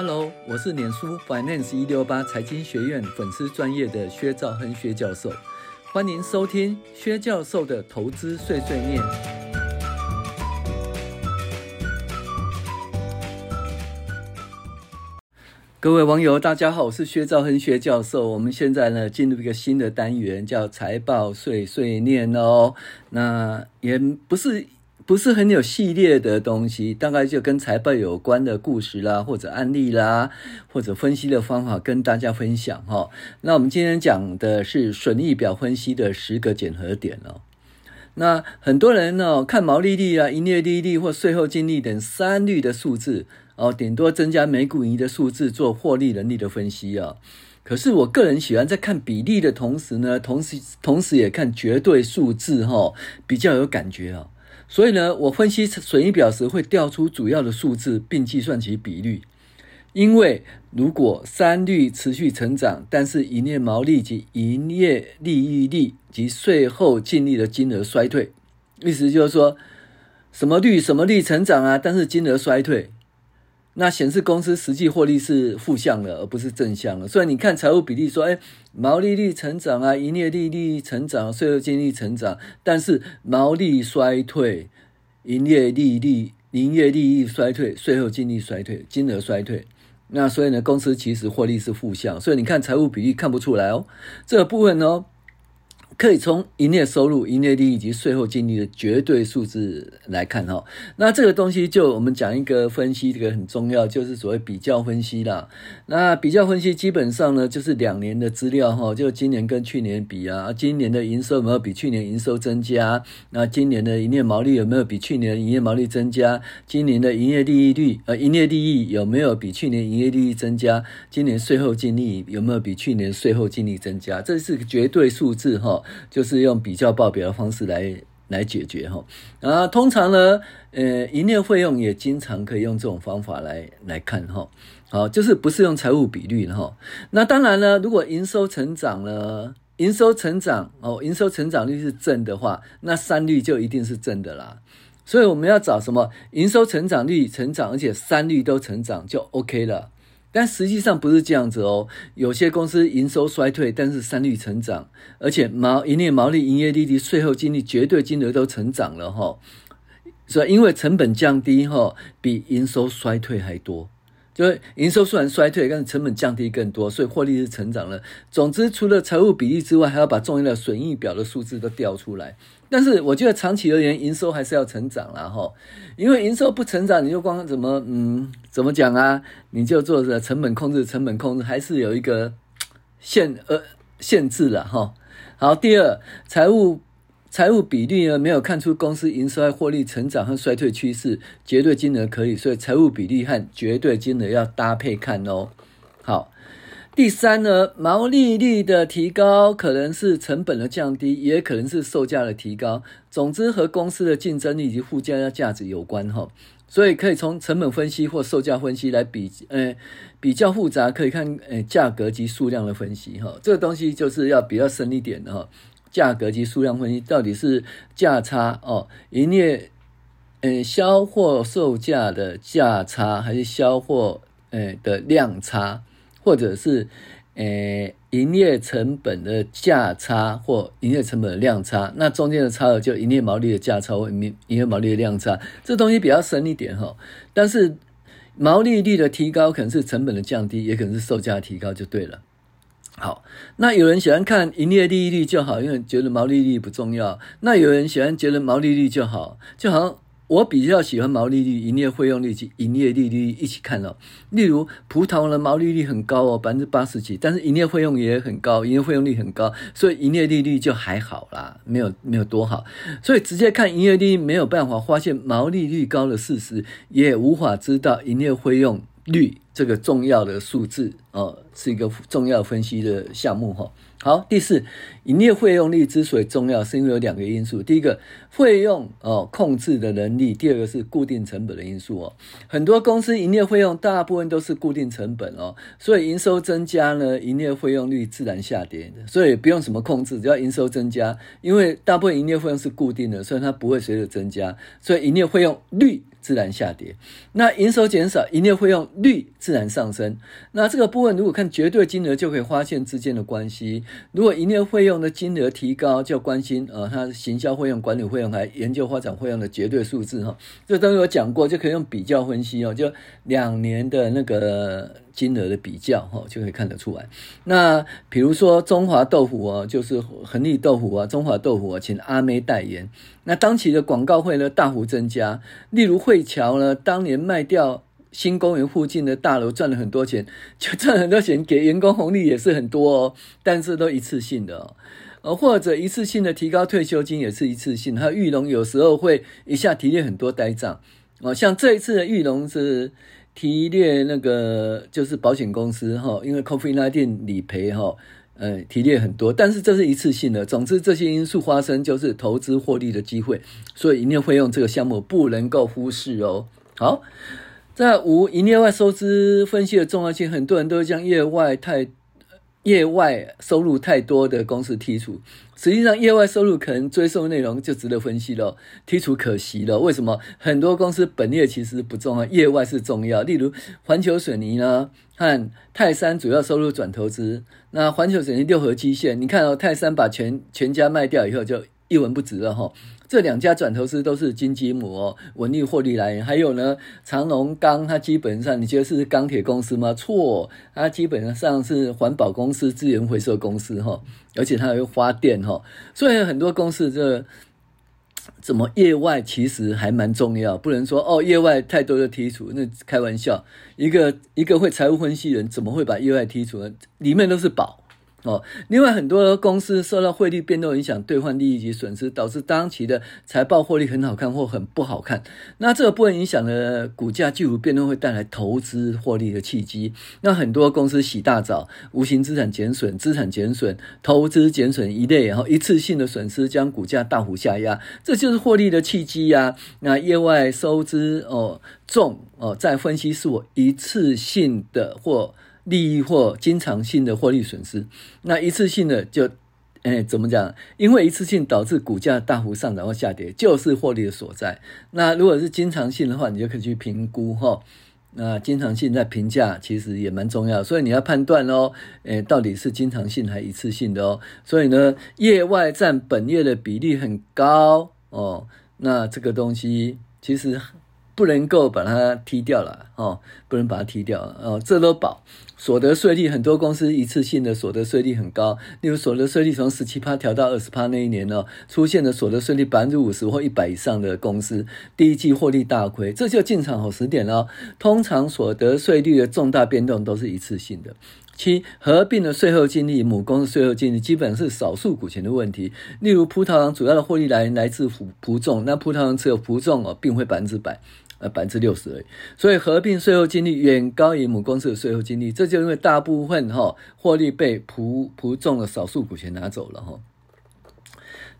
Hello，我是臉書 Finance 一六八財經學院粉絲專業的薛兆亨薛教授，歡迎收聽薛教授的投資碎碎念。各位網友，大家好，我是薛兆亨薛教授。我們現在呢進入一個新的單元，叫財報碎碎念哦。那也不是。不是很有系列的東西，大概就跟財報有關的故事啦，或者案例啦，或者分析的方法跟大家分享哈、哦。那我們今天講的是損益表分析的十個檢核點哦。那很多人哦看毛利率啊、營業利益率或稅後淨利率等三率的數字哦，頂多增加每股盈餘的數字做獲利能力的分析哦，可是我個人喜歡在看比例的同時呢，同時同時也看絕對數字哈、哦，比較有感覺啊、哦。所以呢，我分析損益表時會調出主要的數字，並計算其比率。因為如果三率持續成長，但是營業毛利及營業利益率及稅後淨利的金額衰退，意思就是說什麼率什麼率成長啊，但是金額衰退。那顯示公司實際獲利是負向的，而不是正向的。雖然你看財務比例說，誒、哎、毛利率成長啊，營業利率成長，稅後淨利成長，但是毛利衰退，營業利率營業利率衰退，稅後淨利衰退，金額衰退。那所以呢，公司其實獲利是負向，所以你看財務比例看不出來哦，這個部分哦。可以從營業收入、營業利益以及稅後淨利的絕對數字來看哈。那這個東西就我們講一個分析，這個很重要，就是所謂比較分析啦。那比較分析基本上呢，就是兩年的資料哈，就今年跟去年比啊，今年的營收有沒有比去年營收增加？那今年的營業毛利有沒有比去年營業毛利增加？今年的營業利益率，呃，營業利益有沒有比去年營業利益增加？今年稅後淨利有沒有比去年稅後淨利增加？這是個絕對數字哈。就是用比較報表的方式來來解決哈，啊，通常呢，呃，營業費用也經常可以用這種方法來來看哈，好、哦，就是不是用財務比率哈、哦，那當然呢，如果營收成長了，營收成長哦，營收成長率是正的話，那三率就一定是正的啦，所以我們要找什麼營收成長率成長，而且三率都成長就 OK 了。但實際上不是這樣子哦，有些公司營收衰退，但是三率成長，而且毛營業毛利、營業利率、稅後淨利絕對金額都成長了哦，所以因為成本降低哦，比營收衰退還多。就營收雖然衰退，但是成本降低更多，所以獲利是成長了。總之，除了財務比例之外，還要把重要的損益表的數字都調出來。但是，我覺得長期而言，營收還是要成長了哈，因為營收不成長，你就光怎麼嗯怎麼講啊，你就做成本控制，成本控制還是有一個限呃限制了哈。好，第二，財務。財務比例呢，沒有看出公司營收、獲利成長和衰退趨勢，絕對金額可以，所以財務比例和絕對金額要搭配看哦。好，第三呢，毛利率的提高可能是成本的降低，也可能是售價的提高，總之和公司的競爭力以及附加價值有關哈、哦。所以可以從成本分析或售價分析來比，呃、欸，比較複雜，可以看呃、欸、價格及數量的分析哈、哦。這個東西就是要比較深一點的哈、哦。價格及數量分析到底是價差哦，營業嗯銷貨售價的價差，還是銷貨呃的量差，或者是呃營業成本的價差或營業成本的量差？那中間的差額就營業毛利的價差或營營業毛利的量差，這東西比較深一點哈。但是毛利率的提高可能是成本的降低，也可能是售價提高，就對了。好，那有人喜歡看營業利益率就好，因為覺得毛利率不重要。那有人喜歡覺得毛利率就好，就好像我比較喜歡毛利率、營業費用率及營業利率一起看哦。例如，葡萄的毛利率很高哦，百分之八十幾，但是營業費用也很高，營業費用率很高，所以營業利率就還好啦，沒有沒有多好。所以直接看營業利率沒有辦法發現毛利率高的事實，也無法知道營業費用率。這個重要的數字哦，是一個重要分析的項目哈。好，第四，營業費用率之所以重要，是因為有兩個因素：第一個，費用哦控制的能力；第二個是固定成本的因素哦。很多公司營業費用大部分都是固定成本哦，所以營收增加呢，營業費用率自然下跌。所以不用什麼控制，只要營收增加，因為大部分營業費用是固定的，所以它不會隨着增加，所以營業費用率自然下跌。那營收減少，營業費用率。自然上升。那這個部分，如果看絕對金額，就可以發現之間的關係。如果營業費用的金額提高，就關心啊、呃，它行銷費用、管理費用還研究發展費用的絕對數字哈。這、哦、都有講過，就可以用比較分析哦。就兩年的那個金額的比較哈、哦，就可以看得出來。那比如說中華豆腐啊，就是恆利豆腐啊，中華豆腐啊，請阿妹代言。那當期的廣告費呢，大幅增加。例如匯喬呢，當年賣掉，新公園附近的大樓賺了很多錢，就賺很多錢，給員工紅利也是很多哦。但是都一次性的哦，或者一次性的提高退休金也是一次性。還有裕隆有時候會一下提列很多呆賬哦，像這一次的裕隆是提列那個就是保險公司哈、哦，因為 COVID-19 理賠哈、哦，呃，提列很多，但是這是一次性的。總之，這些因素發生就是投資獲利的機會，所以一定會用這個項目，不能夠忽視哦。好。在五營業外收支分析的重要性，很多人都將業外太業外收入太多的公司剔除。實際上，業外收入可能追溯內容就值得分析了，剔除可惜了。為什麼？很多公司本業其實不重要，業外是重要。例如，環球水泥呢，和泰山主要收入轉投資。那環球水泥、六和機械，你看哦，泰山把全全家賣掉以後就。一文不值了哈，這兩家轉投資都是金雞母哦，穩利獲利來源。還有呢，長隆鋼它基本上你覺得是鋼鐵公司嗎？錯，它基本上是環保公司、資源回收公司哈，而且它還會發電哈。所以很多公司這怎麼業外其實還蠻重要，不能說哦業外太多的剔除，那開玩笑，一個一個會財務分析人怎麼會把業外剔除呢？裡面都是寶。哦，另外很多公司受到匯率變動影響，兌換利益及損失，導致當期的財報獲利很好看或很不好看。那這個不會影響的股價巨幅變動會帶來投資獲利的契機。那很多公司洗大澡，無形資產減損、資產減損、投資減損一類，然後哦一次性的損失將股價大幅下壓，這就是獲利的契機呀、啊。那業外收支哦重哦，在分析是我一次性的或。利益或經常性的獲利損失，那一次性的就，誒、哎、怎麼講？因為一次性導致股價大幅上漲或下跌，就是獲利的所在。那如果是經常性的話，你就可以去評估哈、哦。那經常性在評價其實也蠻重要，所以你要判斷哦，誒、哎、到底是經常性還一次性的哦。所以呢，業外佔本業的比例很高哦，那這個東西其實。不能夠把它剔掉了哦，不能把它剔掉了哦。這都保所得稅率，很多公司一次性的所得稅率很高。例如所得稅率從十七趴調到二十趴那一年呢、哦，出現的所得稅率百分之五十或一百以上的公司，第一季獲利大虧，這就進場好時點嘍、哦。通常所得稅率的重大變動都是一次性的。七合併的稅後淨利，母公司稅後淨利基本是少數股權的問題。例如，葡萄糖主要的獲利來來自葡葡中，那葡萄糖只有葡中哦，並非百分之百，呃，百分之六十而已。所以，合併稅後淨利遠高於母公司的稅後淨利，這就因為大部分哈、哦、獲利被葡葡中的少數股權拿走了哈、哦。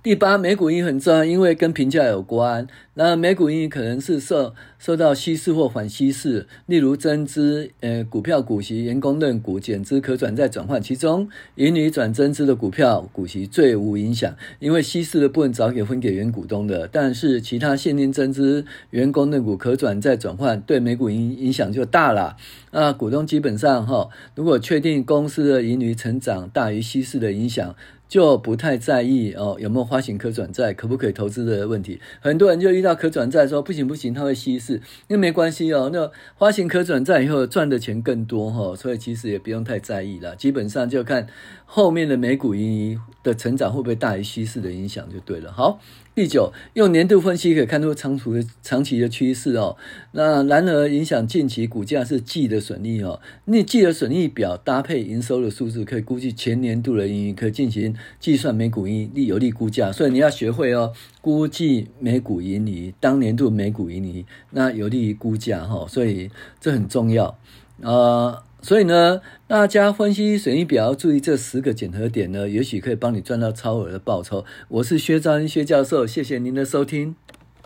第八，每股盈餘很重要，因為跟評價有關。那每股盈餘可能是受受到稀釋或反稀釋，例如增資、呃、欸、股票股息、員工認股、減資、可轉債轉換，其中盈餘轉增資的股票股息最無影響，因為稀釋的部分早給分給原股東的，但是其他現金增資、員工認股、可轉債轉換，對每股影影響就大了。那股東基本上哈、哦，如果確定公司的盈餘成長大於稀釋的影響，就不太在意哦有沒有發行可轉債、可不可以投資的問題。很多人就遇到。要可轉債說不行不行，它會稀釋、喔，那沒關係哦。那發行可轉債以後賺的錢更多哈、喔，所以其實也不用太在意了。基本上就看後面的每股盈餘的成長會不會大於稀釋的影響就對了。好。第九，用年度分析可以看出倉儲的長期的趨勢哦。那然而影響近期股價是季的損益哦。那季的損益表搭配營收的數字，可以估計全年度的盈餘，可以進行計算每股盈利，有利估價。所以你要學會哦，估計每股盈利、當年度每股盈利，那有利於估價哈、哦。所以這很重要啊。呃所以呢，大家分析損益表，注意這十個檢核點呢，也許可以幫你賺到超額的報酬。我是薛兆亨，薛教授，謝謝您的收聽。